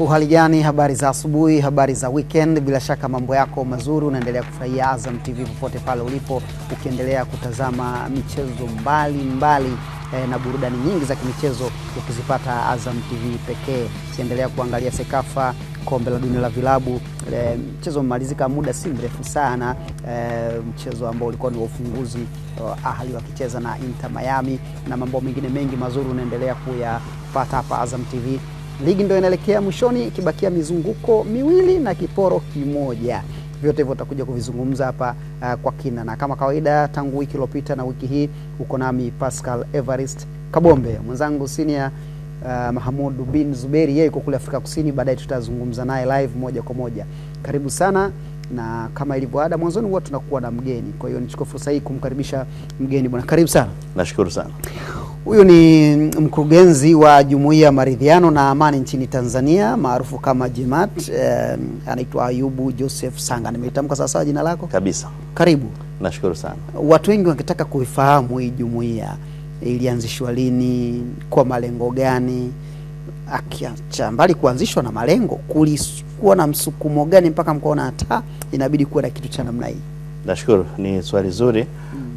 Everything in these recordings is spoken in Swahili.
Uhali gani? Habari za asubuhi, habari za weekend. Bila shaka mambo yako mazuri, unaendelea kufurahia Azam TV popote pale ulipo, ukiendelea kutazama michezo mbalimbali mbali, eh, na burudani nyingi za kimichezo ukizipata Azam TV pekee. Ukiendelea kuangalia Sekafa kombe la dunia la vilabu eh, mchezo umemalizika muda si mrefu sana eh, mchezo ambao ulikuwa ni wa ufunguzi eh, Ahli wakicheza na Inter Miami na mambo mengine mengi mazuri unaendelea kuyapata hapa Azam TV Ligi ndio inaelekea mwishoni ikibakia mizunguko miwili na kiporo kimoja. Vyote hivyo tutakuja kuvizungumza hapa uh, kwa kina, na kama kawaida, tangu wiki iliyopita na wiki hii uko nami Pascal everest Kabombe, mwenzangu Sinia uh, Mahamudu bin Zuberi, yeye yuko kule Afrika Kusini. Baadaye tutazungumza naye live moja kwa moja. Karibu sana na kama ilivyo ada mwanzoni huwa tunakuwa na mgeni, kwa hiyo nichukue fursa hii kumkaribisha mgeni. Bwana, karibu sana. Nashukuru sana Huyu ni mkurugenzi wa Jumuiya ya Maridhiano na Amani nchini Tanzania maarufu kama JMAT. Eh, anaitwa Ayubu Joseph Sanga. Nimeitamka sawasawa jina lako? Kabisa. Karibu. Nashukuru sana. Watu wengi wangetaka kuifahamu hii jumuiya ilianzishwa lini, kwa malengo gani? Akiacha mbali kuanzishwa na malengo, kulikuwa na msukumo gani mpaka mkaona hata inabidi kuwa na kitu cha namna hii? Nashukuru, ni swali zuri. mm.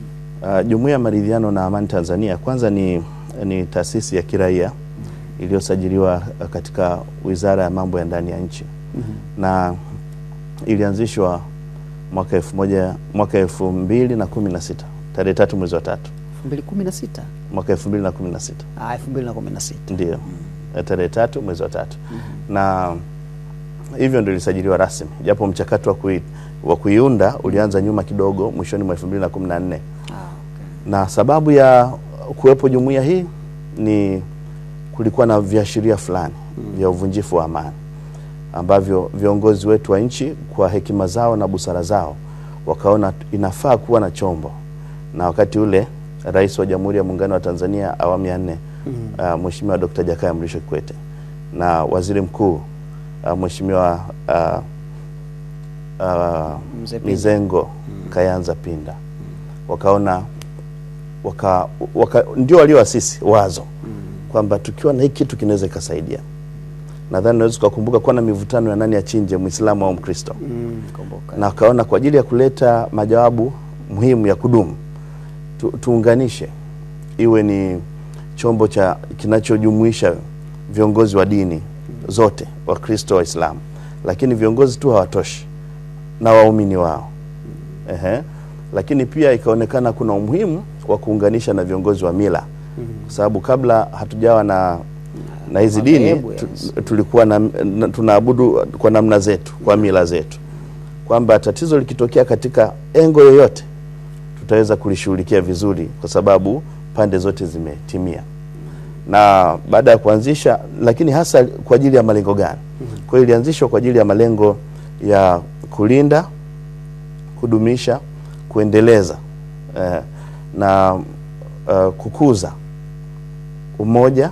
Uh, Jumuiya ya Maridhiano na Amani Tanzania kwanza ni, ni taasisi ya kiraia iliyosajiliwa uh, katika Wizara ya Mambo ya Ndani ya Nchi mm -hmm. na ilianzishwa mwaka elfu moja mwaka elfu mbili na kumi na sita tarehe tatu mwezi wa tatu mwaka elfu mbili na kumi na sita ah, ndio mm. tarehe tatu mwezi wa tatu mm-hmm. na hivyo ndio ilisajiliwa rasmi, japo mchakato wa wa kuiunda ulianza nyuma kidogo mwishoni mwa 2014. Ah, okay. Na sababu ya kuwepo jumuiya hii ni kulikuwa na viashiria fulani mm. vya uvunjifu wa amani ambavyo viongozi wetu wa nchi kwa hekima zao na busara zao wakaona inafaa kuwa na chombo, na wakati ule Rais wa Jamhuri ya Muungano wa Tanzania awamu ya nne mm. uh, Mheshimiwa Dr. Jakaya Mrisho Kikwete na Waziri Mkuu uh, Mheshimiwa uh, uh, Mizengo mm. Kayanza Pinda mm. wakaona waka, waka, ndio walioasisi wazo mm. kwamba tukiwa na hiki kitu kinaweza ikasaidia. Nadhani naweza kukumbuka kuwa na mivutano ya nani achinje, Muislamu au Mkristo mm. na wakaona kwa ajili ya kuleta majawabu muhimu ya kudumu tu, tuunganishe iwe ni chombo cha kinachojumuisha viongozi wa dini mm. zote Wakristo, Waislamu, lakini viongozi tu hawatoshi na waumini wao ehe. Lakini pia ikaonekana kuna umuhimu wa kuunganisha na viongozi wa mila kwa sababu kabla hatujawa na na hizi dini tulikuwa na, na, tunaabudu kwa namna zetu kwa mila zetu, kwamba tatizo likitokea katika engo yoyote tutaweza kulishughulikia vizuri, kwa sababu pande zote zimetimia. Na baada ya kuanzisha, lakini hasa kwa ajili ya malengo gani? Kwa hiyo ilianzishwa kwa ajili ya malengo ya kulinda, kudumisha, kuendeleza eh, na eh, kukuza umoja,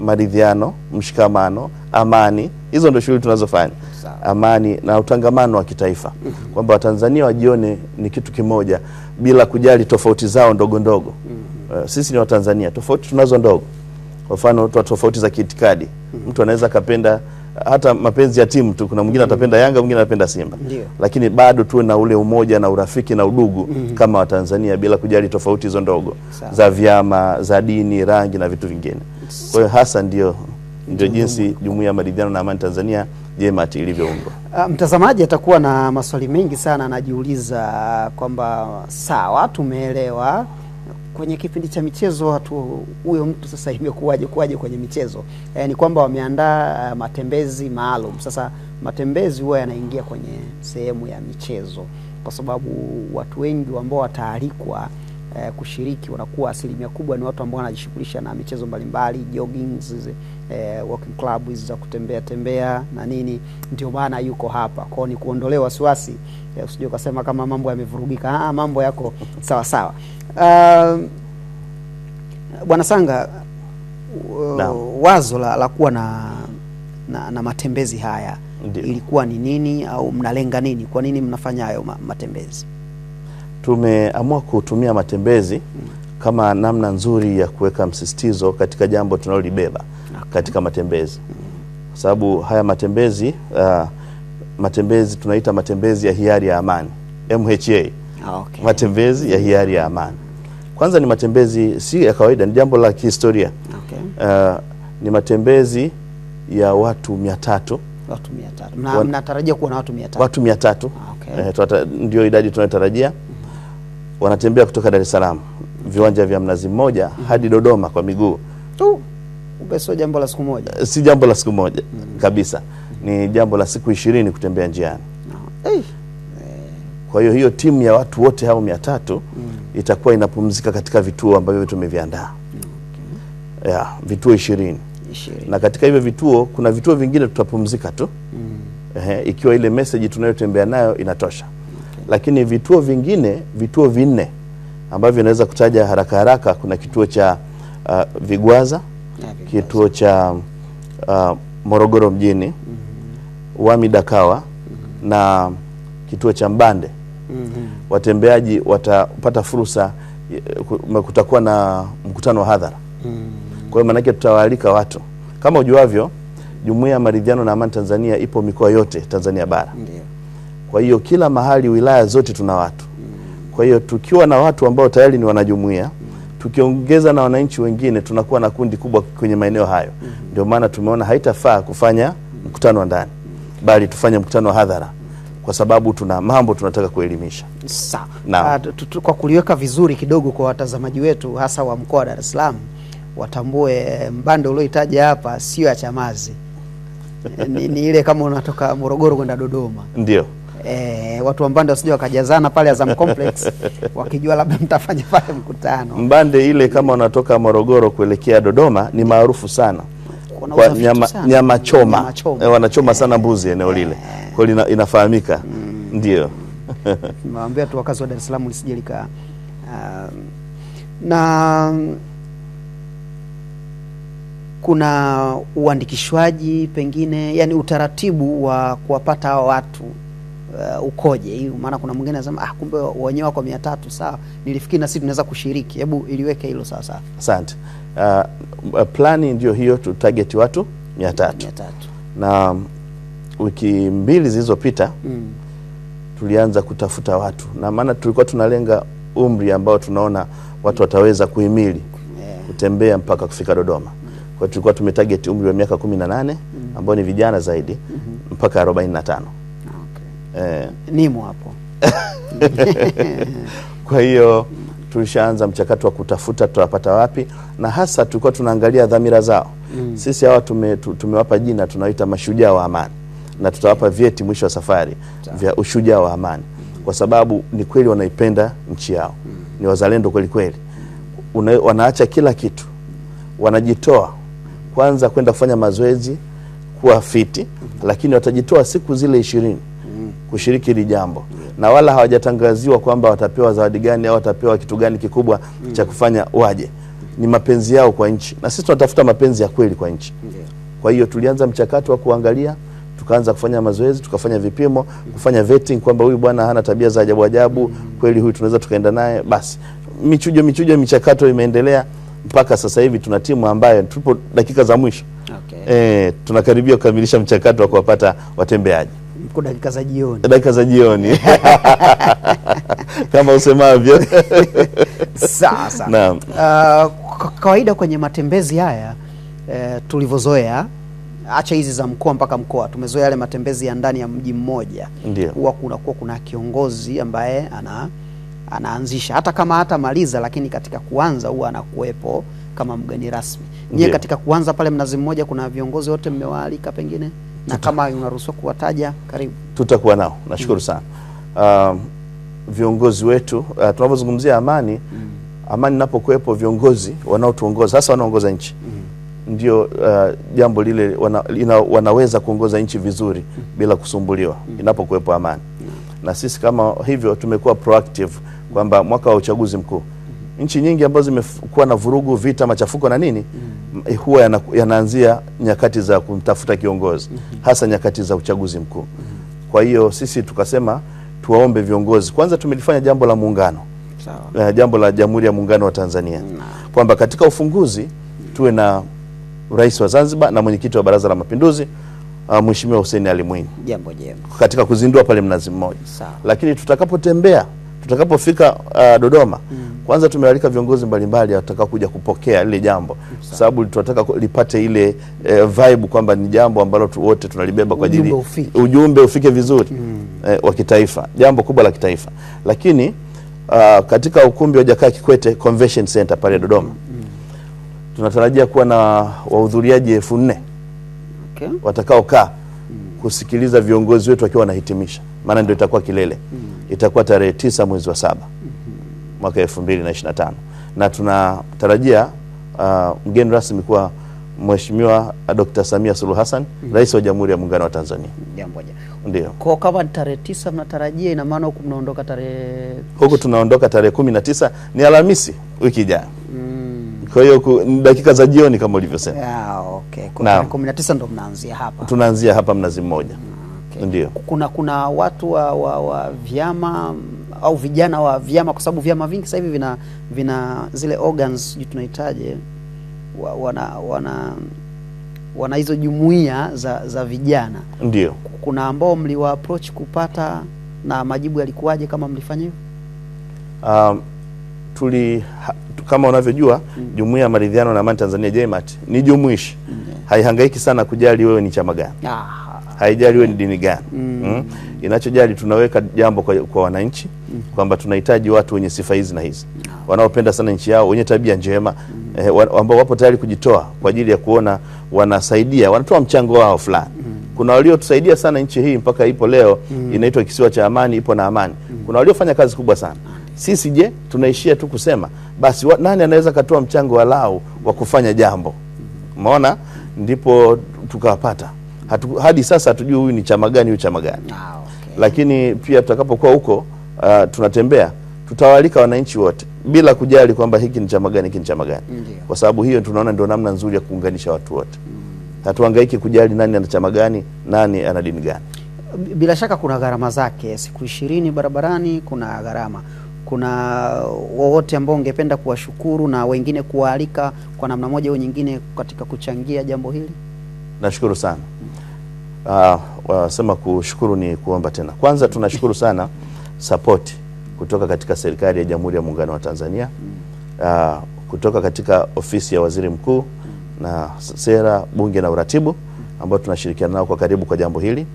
maridhiano, mshikamano, amani. Hizo ndio shughuli tunazofanya, amani na utangamano wa kitaifa, kwamba Watanzania wajione ni kitu kimoja bila kujali tofauti zao ndogo ndogo. Mhm. Eh, sisi ni Watanzania, tofauti tunazo ndogo, kwa mfano tofauti za kiitikadi, mhm. mtu anaweza akapenda hata mapenzi ya timu tu, kuna mwingine mm. atapenda Yanga, mwingine anapenda Simba. Ndiyo. Lakini bado tuwe na ule umoja na urafiki na udugu mm -hmm. kama Watanzania bila kujali tofauti hizo ndogo za vyama za dini, rangi na vitu vingine. Kwa hiyo hasa ndio ndio jinsi Jumuiya ya Maridhiano na Amani Tanzania JMAT ilivyoundwa. Ah, mtazamaji atakuwa na maswali mengi sana anajiuliza kwamba sawa, tumeelewa kwenye kipindi cha michezo watu huyo mtu sasa imekuwaje kuwaje kwenye michezo e, ni kwamba wameandaa uh, matembezi maalum. Sasa matembezi huwa yanaingia kwenye sehemu ya michezo, kwa sababu watu wengi ambao wataalikwa uh, kushiriki wanakuwa asilimia kubwa ni watu ambao wanajishughulisha na michezo mbalimbali jogging eh, walking club hizi za kutembea tembea na nini, ndio maana yuko hapa kwao, ni kuondolea wasiwasi eh, usije ukasema kama mambo yamevurugika. Ah, mambo yako sawa sawa. Uh, Bwana Sanga, uh, wazo la, la kuwa na, na, na matembezi haya Ndiyo. Ilikuwa ni nini au mnalenga nini? Kwa nini mnafanya hayo matembezi? Tumeamua kutumia matembezi mm. kama namna nzuri ya kuweka msisitizo katika jambo tunalolibeba katika matembezi, kwa sababu haya matembezi uh, matembezi tunaita matembezi ya hiari ya amani MHA. Ah, okay. Matembezi ya hiari ya amani kwanza ni matembezi si ya kawaida, ni jambo la kihistoria. Okay. Uh, ni matembezi ya watu mia tatu watu mia tatu na mnatarajia kuwa na watu watu ah, Okay. Eh, ndio idadi tunayotarajia. Wanatembea kutoka Dar es Salaam viwanja vya Mnazi Mmoja hadi Dodoma kwa miguu kumbe sio jambo la siku moja, eh, si jambo la siku moja mm. kabisa ni jambo la siku ishirini kutembea njiani no. hey. Kwa hiyo hiyo timu ya watu wote hao mia tatu mm. itakuwa inapumzika katika vituo ambavyo tumeviandaa okay. yeah, vituo ishirini na katika hivyo vituo kuna vituo vingine tutapumzika tu mm. Ehe, ikiwa ile meseji tunayotembea nayo inatosha okay. Lakini vituo vingine, vituo vinne ambavyo inaweza kutaja haraka haraka, kuna kituo cha uh, Vigwaza kituo cha uh, Morogoro mjini mm -hmm. Wami Dakawa mm -hmm. na kituo cha Mbande mm -hmm. watembeaji watapata fursa, eh, kutakuwa na mkutano wa hadhara mm -hmm. kwa hiyo maanake tutawaalika watu kama ujuavyo, Jumuiya ya Maridhiano na Amani Tanzania ipo mikoa yote Tanzania bara mm -hmm. kwa hiyo kila mahali, wilaya zote tuna watu mm -hmm. kwa hiyo tukiwa na watu ambao tayari ni wanajumuiya tukiongeza na wananchi wengine tunakuwa na kundi kubwa kwenye maeneo hayo. mm -hmm. Ndio maana tumeona haitafaa kufanya mkutano wa ndani, bali tufanye mkutano wa hadhara kwa sababu tuna mambo tunataka kuelimisha. Sawa, ah, kwa kuliweka vizuri kidogo kwa watazamaji wetu hasa wa mkoa wa Dar es Salaam watambue eh, mbando ulioitaja hapa sio ya Chamazi ni, ni ile kama unatoka Morogoro kwenda Dodoma ndio Eh, watu wa Mbande wasije wakajazana pale Azam Complex wakijua labda mtafanya pale mkutano. Mbande ile kama wanatoka Morogoro kuelekea Dodoma ni maarufu sana kwa nyama, sana. Nyama choma, nyama choma. Eh, wanachoma sana mbuzi eneo lile eh. kwa hiyo inafahamika mm. Ndio niwaambia tu wakazi wa Dar es Salaam lisije lika uh, na kuna uandikishwaji pengine, yani utaratibu wa kuwapata hawa watu uh, ukoje? Maana kuna mwingine anasema ah, kumbe wenyewe wako mia tatu. Sawa, nilifikiri na sisi tunaweza kushiriki. Hebu iliweke hilo sawa sawa. Asante. Uh, plani ndio hiyo, tu target watu mia tatu na um, wiki mbili zilizopita mm. tulianza kutafuta watu na maana tulikuwa tunalenga umri ambao tunaona watu wataweza kuhimili yeah. kutembea mpaka kufika Dodoma. Kwa tulikuwa tumetarget umri wa miaka 18 mm. ambao ni vijana zaidi mm -hmm. mpaka 45 eh, nimo hapo kwa hiyo tulishaanza mchakato wa kutafuta tutawapata wapi, na hasa tulikuwa tunaangalia dhamira zao. mm. Sisi hawa tume, tumewapa jina tunaita mashujaa wa amani na tutawapa vyeti mwisho wa safari Ta. vya ushujaa wa amani mm. kwa sababu ni kweli wanaipenda nchi yao mm. ni wazalendo kweli kweli, wanaacha kila kitu, wanajitoa kwanza kwenda kufanya mazoezi kuwa fiti mm -hmm. lakini watajitoa siku zile ishirini kushiriki hili jambo yeah. na wala hawajatangaziwa kwamba watapewa zawadi gani au watapewa kitu gani kikubwa mm. cha kufanya waje. Ni mapenzi yao kwa nchi, na sisi tunatafuta mapenzi ya kweli kwa nchi yeah. Kwa hiyo tulianza mchakato wa kuangalia, tukaanza kufanya mazoezi, tukafanya vipimo, kufanya vetting kwamba huyu bwana hana tabia za ajabu ajabu mm. kweli huyu tunaweza tukaenda naye. Basi michujo michujo, michakato imeendelea mpaka sasa hivi tuna timu ambayo tupo dakika za mwisho okay. E, tunakaribia kukamilisha mchakato wa kuwapata watembeaji mko dakika za jioni, dakika za jioni kama usemavyo sasa. Naam. Uh, kawaida kwenye matembezi haya uh, tulivyozoea acha hizi za mkoa mpaka mkoa, tumezoea yale matembezi ya ndani ya mji mmoja, ndio huwa kunakuwa kuna kiongozi ambaye ana anaanzisha hata kama hata maliza lakini katika kuanza huwa anakuwepo kama mgeni rasmi. Nyie katika kuanza pale Mnazi Mmoja kuna viongozi wote mmewaalika pengine? na kama unaruhusiwa kuwataja, karibu. Tutakuwa nao, nashukuru mm. sana uh, viongozi wetu uh, tunapozungumzia amani mm. amani inapokuwepo, viongozi wanaotuongoza hasa wanaongoza nchi mm ndio uh, jambo uh, lile wana, ina, wanaweza kuongoza nchi vizuri mm. bila kusumbuliwa mm. inapokuwepo amani mm. na sisi kama hivyo tumekuwa proactive kwamba mwaka wa uchaguzi mkuu nchi nyingi ambazo zimekuwa na vurugu, vita, machafuko na nini mm. Eh, huwa yana, yanaanzia nyakati za kumtafuta kiongozi mm -hmm. hasa nyakati za uchaguzi mkuu mm -hmm. kwa hiyo sisi tukasema tuwaombe viongozi kwanza, tumelifanya jambo la muungano sawa, eh, jambo la Jamhuri ya Muungano wa Tanzania kwamba katika ufunguzi tuwe na rais wa Zanzibar na mwenyekiti wa Baraza la Mapinduzi uh, Mheshimiwa Hussein Ali Mwinyi, jambo jema, katika kuzindua pale Mnazi Mmoja, lakini tutakapotembea tutakapofika uh, Dodoma mm. Kwanza tumewalika viongozi mbalimbali watakaokuja kupokea lile jambo, kwa sababu tunataka lipate ile e, vibe kwamba ni jambo ambalo wote tunalibeba kwa ajili ujumbe ufike vizuri mm. e, wa kitaifa, jambo kubwa la kitaifa. Lakini uh, katika ukumbi wa Jakaya Kikwete Convention Center pale Dodoma mm. tunatarajia kuwa na wahudhuriaji elfu nne okay. watakaokaa mm. kusikiliza viongozi wetu wakiwa wanahitimisha maana ndio itakuwa kilele mm itakuwa tarehe tisa mwezi wa saba mm-hmm. mwaka mm -hmm. mwaka 2025 na tunatarajia uh, mgeni rasmi kuwa Mheshimiwa Dr. Samia Suluhu Hassan mm -hmm. Rais wa Jamhuri ya Muungano wa Tanzania. Jambo moja. Ndio. Kwa kama tarehe tisa mnatarajia ina maana huku mnaondoka tarehe Huku tunaondoka tarehe kumi na tisa ni Alhamisi wiki ijayo. Mm. Kwa hiyo dakika za jioni kama ulivyosema. Yeah, okay. Kwa tarehe 19 ndo mnaanzia hapa. Tunaanzia hapa Mnazi Mmoja. Mm. Ndiyo. Kuna, kuna watu wa, wa, wa vyama au vijana wa vyama, kwa sababu vyama vingi sasa hivi vina, vina zile organs sijui tunahitaje wa, wana, wana wana hizo jumuiya za, za vijana. Ndio. Kuna ambao mliwa approach kupata na majibu yalikuwaje kama mlifanya hivyo? Um, tuli ha, kama unavyojua mm. Jumuiya ya Maridhiano na Amani Tanzania JMAT ni jumuishi mm. Haihangaiki sana kujali wewe ni chama gani. Ah haijaliwe ni mm. dini gani mm. mm. Inachojali tunaweka jambo kwa, kwa wananchi mm. kwamba tunahitaji watu wenye sifa hizi na hizi mm. wanaopenda sana nchi yao wenye tabia njema mm. eh, ambao wapo tayari kujitoa kwa ajili ya kuona wanasaidia wanatoa mchango wao fulani mm. Kuna waliotusaidia sana nchi hii mpaka ipo leo mm. inaitwa kisiwa cha amani, ipo na amani mm. Kuna waliofanya kazi kubwa sana. Sisi je, tunaishia tu kusema basi wa, nani anaweza katoa mchango walau wa kufanya jambo? Umeona, ndipo tukawapata hatu, hadi sasa hatujui huyu ni chama gani, huyu chama gani. Ah, okay. Lakini pia tutakapokuwa huko uh, tunatembea tutawaalika wananchi wote bila kujali kwamba hiki ni chama gani, hiki ni chama gani, kwa sababu hiyo tunaona ndio namna nzuri ya kuunganisha watu wote mm. Hatuhangaiki kujali nani ana chama gani, nani ana dini gani. Bila shaka kuna gharama zake, siku ishirini barabarani kuna gharama. Kuna wowote ambao ungependa kuwashukuru na wengine kuwaalika kwa namna moja au nyingine katika kuchangia jambo hili? Nashukuru sana mm. Uh, ah, wasema kushukuru ni kuomba tena. Kwanza tunashukuru sana support kutoka katika serikali ya Jamhuri ya Muungano wa Tanzania uh, kutoka katika ofisi ya Waziri Mkuu na sera, bunge na uratibu ambao tunashirikiana nao kwa karibu kwa jambo hili,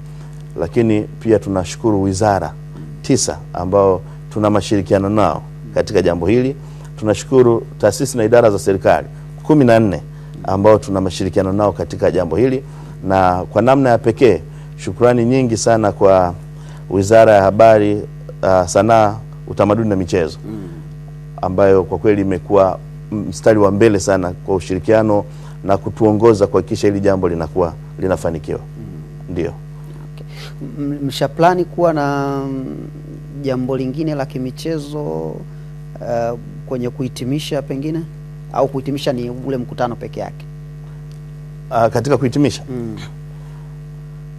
lakini pia tunashukuru wizara tisa ambao tuna mashirikiano nao katika jambo hili. Tunashukuru taasisi na idara za serikali kumi na nne ambao tuna mashirikiano nao katika jambo hili na kwa namna ya pekee shukrani nyingi sana kwa Wizara ya Habari, uh, Sanaa, Utamaduni na Michezo mm. ambayo kwa kweli imekuwa mstari wa mbele sana kwa ushirikiano na kutuongoza kuhakikisha hili jambo linakuwa linafanikiwa. Mm. Ndio. Okay. Mshaplani kuwa na mm, jambo lingine la kimichezo uh, kwenye kuhitimisha pengine au kuhitimisha ni ule mkutano peke yake? uh, katika kuhitimisha mm.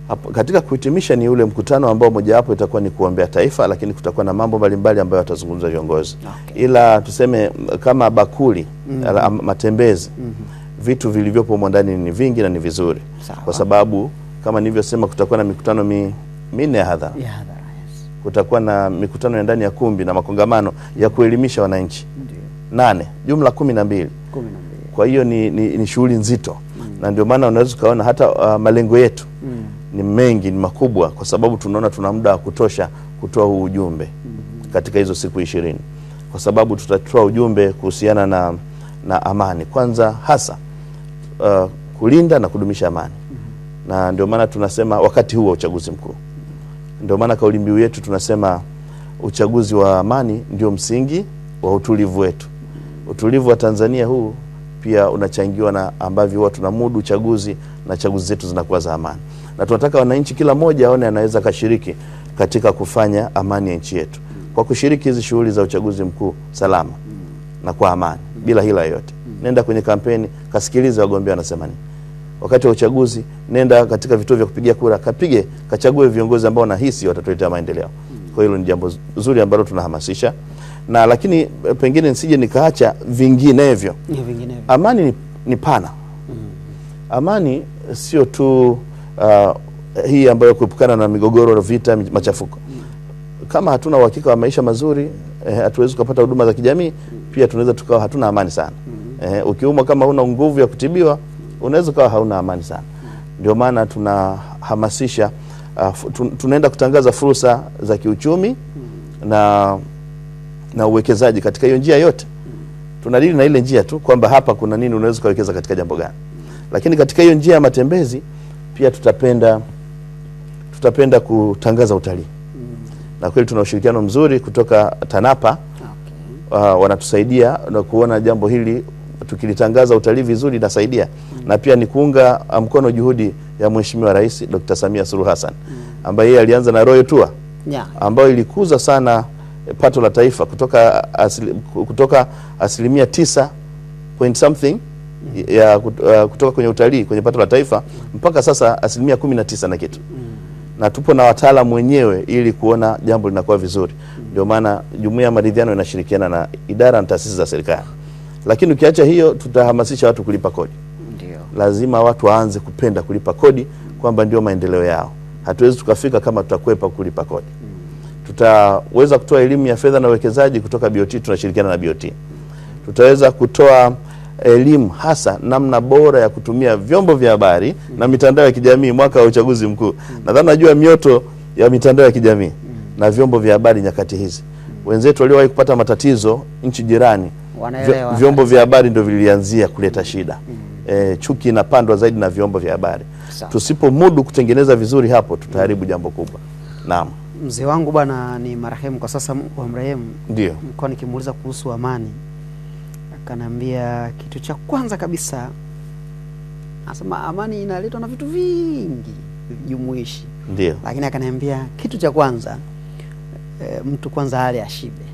Hapo, katika kuhitimisha ni ule mkutano ambao mojawapo itakuwa ni kuombea taifa, lakini kutakuwa na mambo mbalimbali ambayo watazungumza viongozi okay. Ila tuseme kama bakuli mm -hmm. matembezi mm -hmm. vitu vilivyopo humo ndani ni vingi na ni vizuri Sawa. Kwa sababu kama nilivyosema kutakuwa na mikutano mi, minne ya hadhara yes. Kutakuwa na mikutano ya ndani ya kumbi na makongamano ya kuelimisha wananchi nane, jumla kumi na mbili. Kwa hiyo ni, ni, ni shughuli nzito na ndio maana unaweza ukaona hata uh, malengo yetu mm. ni mengi, ni makubwa, kwa sababu tunaona tuna muda wa kutosha kutoa huu ujumbe mm. katika hizo siku ishirini, kwa sababu tutatoa ujumbe kuhusiana na, na amani kwanza hasa uh, kulinda na kudumisha amani mm. na ndio maana tunasema wakati huu wa uchaguzi mkuu, ndio maana kauli mbiu yetu tunasema uchaguzi wa amani ndio msingi wa utulivu wetu. Utulivu wa Tanzania huu pia unachangiwa na ambavyo huwa tunamudu uchaguzi na chaguzi zetu zinakuwa za amani, na tunataka wananchi kila mmoja aone anaweza kashiriki katika kufanya amani ya nchi yetu kwa kushiriki hizi shughuli za uchaguzi mkuu salama na kwa amani bila hila yoyote. Nenda kwenye kampeni, kasikilize wagombea wanasema nini. Wakati wa uchaguzi, nenda katika vituo vya kupigia kura, kapige, kachague viongozi ambao nahisi watatuletea maendeleo. Kwa hilo ni jambo zuri ambalo tunahamasisha na lakini eh, pengine nisije nikaacha vinginevyo. yeah, amani ni, ni pana mm -hmm. Amani eh, sio tu uh, hii ambayo kuepukana na migogoro vita, machafuko mm -hmm. Kama hatuna uhakika wa maisha mazuri eh, hatuwezi kupata huduma za kijamii mm -hmm. Pia tunaweza tukawa hatuna amani sana mm -hmm. Eh, ukiumwa kama huna nguvu ya kutibiwa unaweza ukawa hauna amani sana mm. ndio Maana tunahamasisha uh, tunaenda kutangaza fursa za kiuchumi mm -hmm. na na uwekezaji katika hiyo njia yote. Tunadili na ile njia tu kwamba hapa kuna nini, unaweza kuwekeza katika jambo gani. Lakini katika hiyo njia ya matembezi pia tutapenda tutapenda kutangaza utalii na kweli tuna ushirikiano mzuri kutoka TANAPA okay. Uh, wanatusaidia na kuona jambo hili tukilitangaza utalii vizuri inasaidia mm Na pia ni kuunga uh, mkono juhudi ya Mheshimiwa Rais Dr. Samia Suluhu Hassan mm ambaye yeye alianza na Royal Tour yeah. ambayo ilikuza sana pato la taifa kutoka, asili, kutoka asilimia tisa point something ya, uh, kutoka kwenye utalii kwenye pato la taifa mpaka sasa asilimia kumi na tisa na kitu na tupo na wataalamu wenyewe ili kuona jambo linakuwa vizuri ndio mm. maana jumuiya ya maridhiano inashirikiana na idara na taasisi za serikali, lakini ukiacha hiyo, tutahamasisha watu kulipa kodi. Ndiyo. Lazima watu waanze kupenda kulipa kodi kwamba ndio maendeleo yao. Hatuwezi tukafika kama tutakwepa kulipa kodi mm tutaweza kutoa elimu ya fedha na uwekezaji kutoka BOT, tunashirikiana na BOT. Tutaweza kutoa elimu hasa namna bora ya kutumia vyombo vya habari mm. na mitandao ya kijamii mwaka wa uchaguzi mkuu mm. nadhani najua mioto ya mitandao ya kijamii mm. na vyombo vya habari nyakati hizi mm. wenzetu waliowahi kupata matatizo nchi jirani Wanaelewa. vyombo vya habari ndio vilianzia kuleta shida mm. E, chuki inapandwa zaidi na vyombo vya habari. Tusipomudu kutengeneza vizuri hapo, tutaharibu jambo kubwa. Naam mzee wangu bwana ni marehemu kwa sasa, wa mrehemu ndio mkoa. Nikimuuliza kuhusu amani, akanambia kitu cha kwanza kabisa, anasema amani inaletwa na vitu vingi jumuishi, ndio, lakini akaniambia kitu cha kwanza e, mtu kwanza ale ashibe.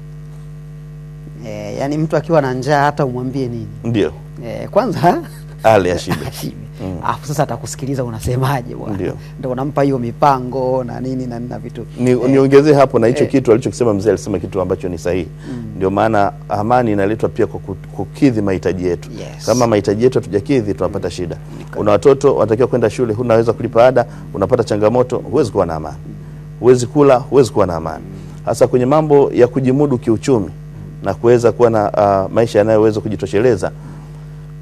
E, yani mtu akiwa na njaa hata umwambie nini, ndio e, kwanza ale ashibe, ashibe. Mm. Afu sasa atakusikiliza unasemaje bwana, ndio unampa hiyo mipango na nini na nini na vitu. Eh. Niongezee hapo na hicho eh, kitu alichokisema mzee, alisema kitu ambacho ni sahihi mm. Ndio maana amani inaletwa pia kwa kukidhi mahitaji yetu yes. Kama mahitaji yetu hatujakidhi tunapata mm. shida okay. Una watoto wanatakiwa kwenda shule, hunaweza kulipa ada, unapata changamoto, huwezi kuwa na amani, huwezi kula, huwezi kuwa na amani, hasa kwenye mambo ya kujimudu kiuchumi na kuweza kuwa na uh, maisha yanayoweza kujitosheleza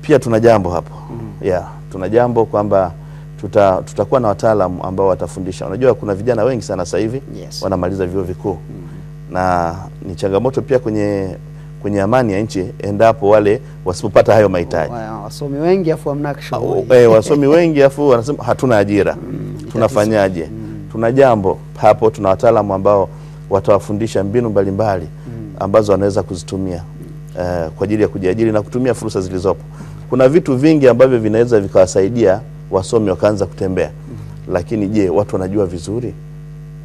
pia tuna jambo hapo mm. yeah, tuna jambo kwamba tuta, tutakuwa na wataalamu ambao watafundisha. Unajua kuna vijana wengi sana sasa hivi yes. wanamaliza vyuo vikuu mm. na ni changamoto pia kwenye kwenye amani ya nchi endapo wale wasipopata hayo mahitaji. Wasomi wengi afu hamna shughuli. Eh, wasomi wengi afu wanasema hatuna ajira mm, tunafanyaje? Mm. Tuna jambo hapo, tuna wataalamu ambao watawafundisha mbinu mbalimbali mbali, mm. ambazo wanaweza kuzitumia Eh, kwa ajili ya kujiajiri na kutumia fursa zilizopo. Kuna vitu vingi ambavyo vinaweza vikawasaidia wasomi wakaanza kutembea, lakini je, watu wanajua vizuri?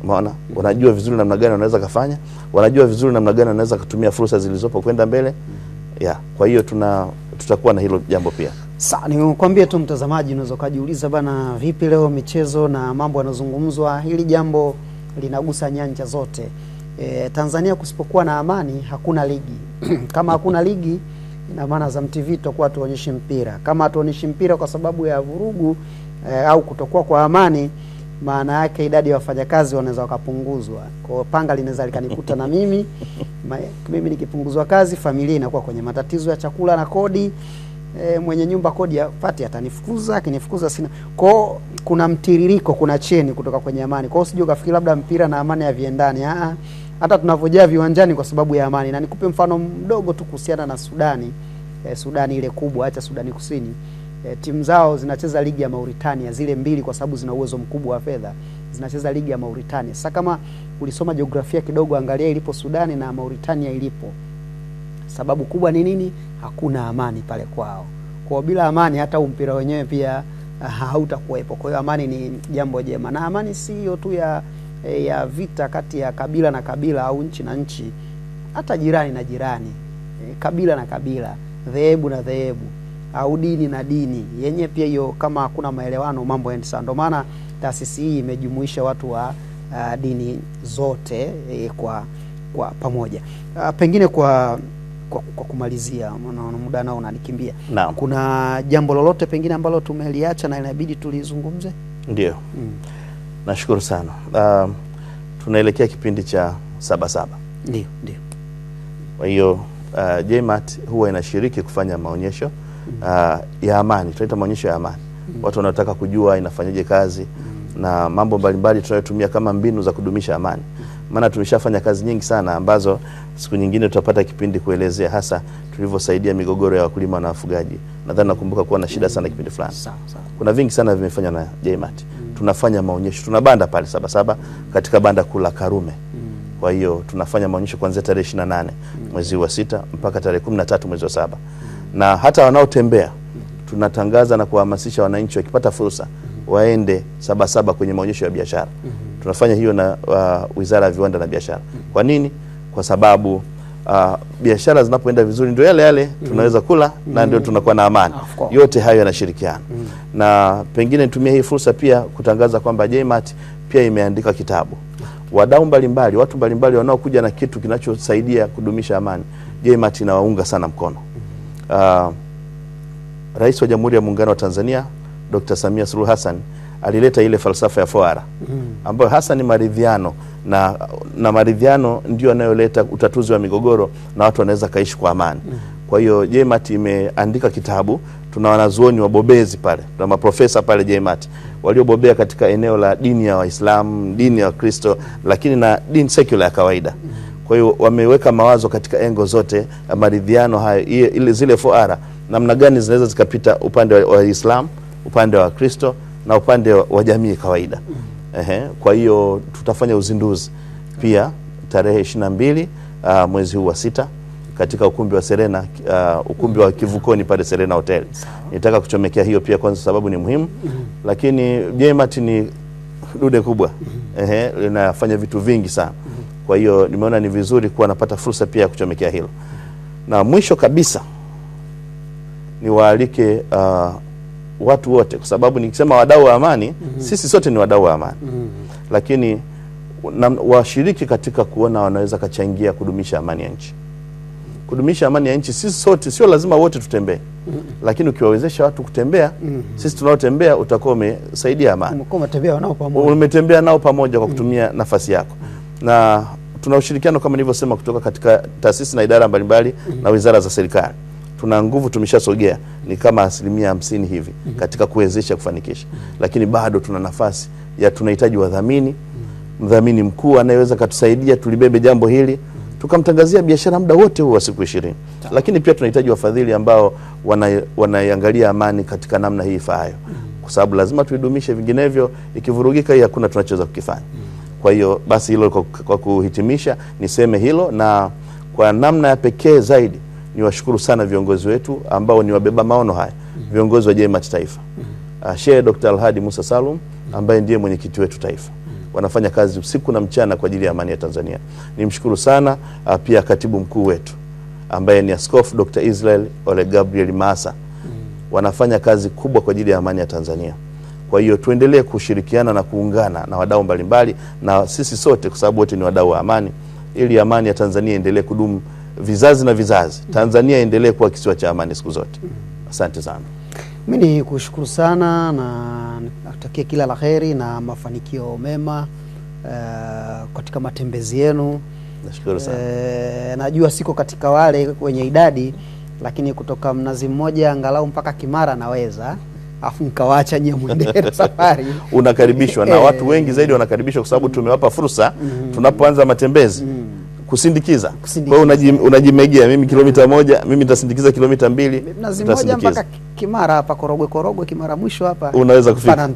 Maana wanajua vizuri namna gani wanaweza kufanya? wanajua vizuri namna gani wanaweza kutumia fursa zilizopo kwenda mbele yeah. Kwa hiyo tuna tutakuwa na hilo jambo pia. Sasa nikwambie tu mtazamaji, unaweza kujiuliza bana, vipi leo michezo na mambo yanazungumzwa? Hili jambo linagusa nyanja zote. E, Tanzania kusipokuwa na amani hakuna ligi. kama hakuna ligi ina maana Azam TV tutakuwa tuonyeshi mpira. Kama hatuonyeshi mpira kwa sababu ya vurugu eh, au kutokuwa kwa amani, maana yake idadi ya wafanyakazi wanaweza wakapunguzwa. Kwa panga linaweza likanikuta na mimi ma, mimi nikipunguzwa kazi, familia inakuwa kwenye matatizo ya chakula na kodi. E, mwenye nyumba kodi ya pati atanifukuza, akinifukuza sina. Kwa kuna mtiririko, kuna cheni kutoka kwenye amani. Kwa hiyo usije ukafikiri labda mpira na amani viendani. Ah, hata tunavyojaa viwanjani kwa sababu ya amani. Na nikupe mfano mdogo tu kuhusiana na Sudani eh, Sudani ile kubwa, acha Sudani Kusini eh, timu zao zinacheza ligi ya Mauritania zile mbili, kwa sababu zina uwezo mkubwa wa fedha, zinacheza ligi ya Mauritania. Sasa kama ulisoma jiografia kidogo, angalia ilipo Sudani na Mauritania ilipo. Sababu kubwa ni nini? Hakuna amani pale kwao. Kwa bila amani hata mpira wenyewe pia ah, hautakuwepo. Kwa hiyo amani ni jambo jema, na amani siyo tu ya e, ya vita kati ya kabila na kabila au nchi na nchi, hata jirani na jirani e, kabila na kabila, dhehebu na dhehebu au dini na dini yenyewe pia hiyo, kama hakuna maelewano, mambo yaendi sawa. Ndio maana taasisi hii imejumuisha watu wa uh, dini zote e, kwa kwa pamoja uh, pengine kwa kwa, kwa kumalizia, muda nao unanikimbia na. Kuna jambo lolote pengine ambalo tumeliacha na inabidi tulizungumze? Ndio. mm. Nashukuru sana. Uh, tunaelekea kipindi cha Sabasaba. Ndio, ndio. Kwa hiyo uh, JMAT huwa inashiriki kufanya maonyesho mm. uh, ya amani, tunaita maonyesho ya amani mm -hmm. Watu wanaotaka kujua inafanyaje kazi mm -hmm. na mambo mbalimbali tunayotumia kama mbinu za kudumisha amani maana tumeshafanya kazi nyingi sana ambazo siku nyingine tutapata kipindi kuelezea hasa tulivyosaidia migogoro ya wakulima na wafugaji nadhani nakumbuka kuwa na shida sana kipindi fulani. Kuna vingi sana vimefanywa na JMAT. Mm. Tunafanya maonyesho, tuna banda pale Sabasaba katika banda kuu la Karume. Mm. Kwa hiyo tunafanya maonyesho kuanzia tarehe nane mm. mwezi wa sita mpaka tarehe tatu mwezi wa saba. Mm. Na hata wanaotembea mm. tunatangaza na kuhamasisha wananchi wakipata fursa mm. waende waende Sabasaba kwenye maonyesho ya biashara. Mm. Tunafanya hiyo na uh, Wizara ya Viwanda na Biashara. Mm. Kwa nini? Kwa sababu uh, biashara zinapoenda vizuri ndio yale yale mm. tunaweza kula mm. na ndio mm-hmm. tunakuwa na amani. Yote hayo yanashirikiana mm. na pengine nitumie hii fursa pia kutangaza kwamba Jmart pia imeandika kitabu, wadau mbalimbali, watu mbalimbali wanaokuja na kitu kinachosaidia kudumisha amani, Jmart inawaunga sana mkono. Uh, Rais wa Jamhuri ya Muungano wa Tanzania Dr. Samia Suluhu Hassan alileta ile falsafa ya foara mm. ambayo hasa ni maridhiano na, na maridhiano ndio yanayoleta utatuzi wa migogoro na watu wanaweza kaishi kwa amani mm. Kwa hiyo JMAT imeandika kitabu, tuna wanazuoni wabobezi pale, tuna maprofesa pale JMAT waliobobea katika eneo la dini ya Waislamu, dini ya Wakristo, lakini na dini secular ya kawaida mm. Kwa hiyo wameweka mawazo katika engo zote maridhiano hayo, ile zile foara, namna gani zinaweza zikapita upande wa Islam, upande wa Kristo na upande wa jamii kawaida. Ehe, kwa hiyo tutafanya uzinduzi pia tarehe 22 mbili uh, mwezi huu wa sita katika ukumbi wa Serena uh, ukumbi wa Kivukoni pale Serena Hotel. Nitaka kuchomekea hiyo pia kwanza, sababu ni muhimu mm -hmm. Lakini Jemat ni dude kubwa mm -hmm. Ehe, linafanya vitu vingi sana mm -hmm. Kwa hiyo nimeona ni vizuri kuwa napata fursa pia ya kuchomekea hilo, na mwisho kabisa niwaalike uh, watu wote, kwa sababu nikisema wadau wa amani mm -hmm. sisi sote ni wadau wa amani mm -hmm. lakini washiriki katika kuona wanaweza kachangia kudumisha amani ya nchi. Kudumisha amani ya nchi sisi sote, sio lazima wote tutembee mm -hmm. lakini ukiwawezesha watu kutembea mm -hmm. sisi tunaotembea utakuwa umesaidia amani, umetembea nao pamoja kwa mhm. kutumia mm -hmm. nafasi yako na tuna ushirikiano kama nilivyosema kutoka katika taasisi na idara mbalimbali mm -hmm. na wizara za serikali tuna nguvu, tumeshasogea ni kama asilimia hamsini hivi mm -hmm. katika kuwezesha kufanikisha mm -hmm. lakini bado tuna nafasi ya tunahitaji wadhamini mm -hmm. mdhamini mkuu anayeweza katusaidia tulibebe jambo hili tukamtangazia biashara muda wote huu wa siku ishirini. Lakini pia tunahitaji wafadhili ambao wanaiangalia amani katika namna hii ifaayo, mm. kwa sababu lazima tuidumishe, vinginevyo ikivurugika hii hakuna tunachoweza kukifanya. Mm. Kwa hiyo basi, hilo kwa kuhitimisha, niseme hilo na kwa namna ya pekee zaidi niwashukuru sana viongozi wetu ambao ni wabeba maono haya, viongozi wa JMAT Taifa, mm-hmm. ah, Sheikh Dr. Alhadi Musa Salum ambaye ndiye mwenyekiti wetu taifa wanafanya kazi usiku na mchana kwa ajili ya amani ya Tanzania. Nimshukuru sana uh, pia katibu mkuu wetu ambaye ni Askofu Dr. Israel Ole Gabriel Masa. Mm-hmm. Wanafanya kazi kubwa kwa ajili ya amani ya Tanzania. Kwa hiyo tuendelee kushirikiana na kuungana na wadau mbalimbali na sisi sote, kwa sababu wote ni wadau wa amani, ili amani ya Tanzania endelee kudumu vizazi na vizazi, Tanzania endelee kuwa kisiwa cha amani siku zote. Asante sana. Mimi ni kushukuru sana na nakutakia kila la heri na mafanikio mema uh, katika matembezi yenu. Nashukuru sana. Uh, najua siko katika wale wenye idadi, lakini kutoka Mnazi Mmoja angalau mpaka Kimara naweza afu nikawaacha nyie mwendele safari unakaribishwa na watu eh. wengi zaidi wanakaribishwa kwa sababu tumewapa fursa. Mm-hmm. Tunapoanza matembezi mm kusindikiza. Kwa hiyo unajimegea, mimi kilomita moja, mimi nitasindikiza kilomita mbili, nazi mpaka Kimara hapa, Korogwe, Korogwe Kimara mwisho hapa unaweza kufika,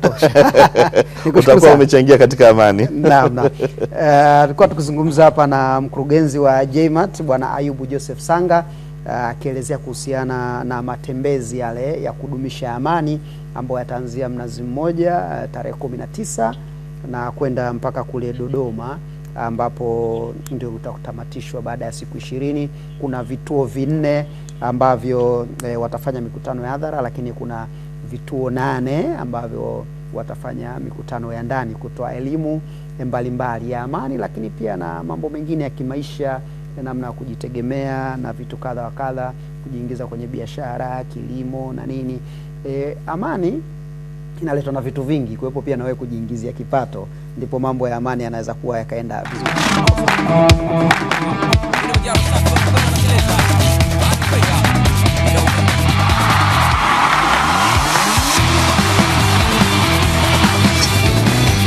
utakuwa umechangia katika amani. Naam, naam. Uh, tukizungumza hapa na mkurugenzi wa JMAT Bwana Ayubu Joseph Sanga eh, akielezea uh, kuhusiana na matembezi yale ya kudumisha amani ambayo yataanzia Mnazi Mmoja uh, tarehe kumi na tisa na kwenda mpaka kule Dodoma ambapo ndio utakutamatishwa baada ya siku ishirini. Kuna vituo vinne ambavyo e, watafanya mikutano ya hadhara, lakini kuna vituo nane ambavyo watafanya mikutano ya ndani kutoa elimu eh, mbalimbali mbali ya amani, lakini pia na mambo mengine ya kimaisha, eh, namna ya kujitegemea na vitu kadha wa kadha, kujiingiza kwenye biashara, kilimo na nini. E, amani kinaletwa na vitu vingi, kuwepo pia na wewe kujiingizia kipato, ndipo mambo ya amani yanaweza kuwa yakaenda vizuri.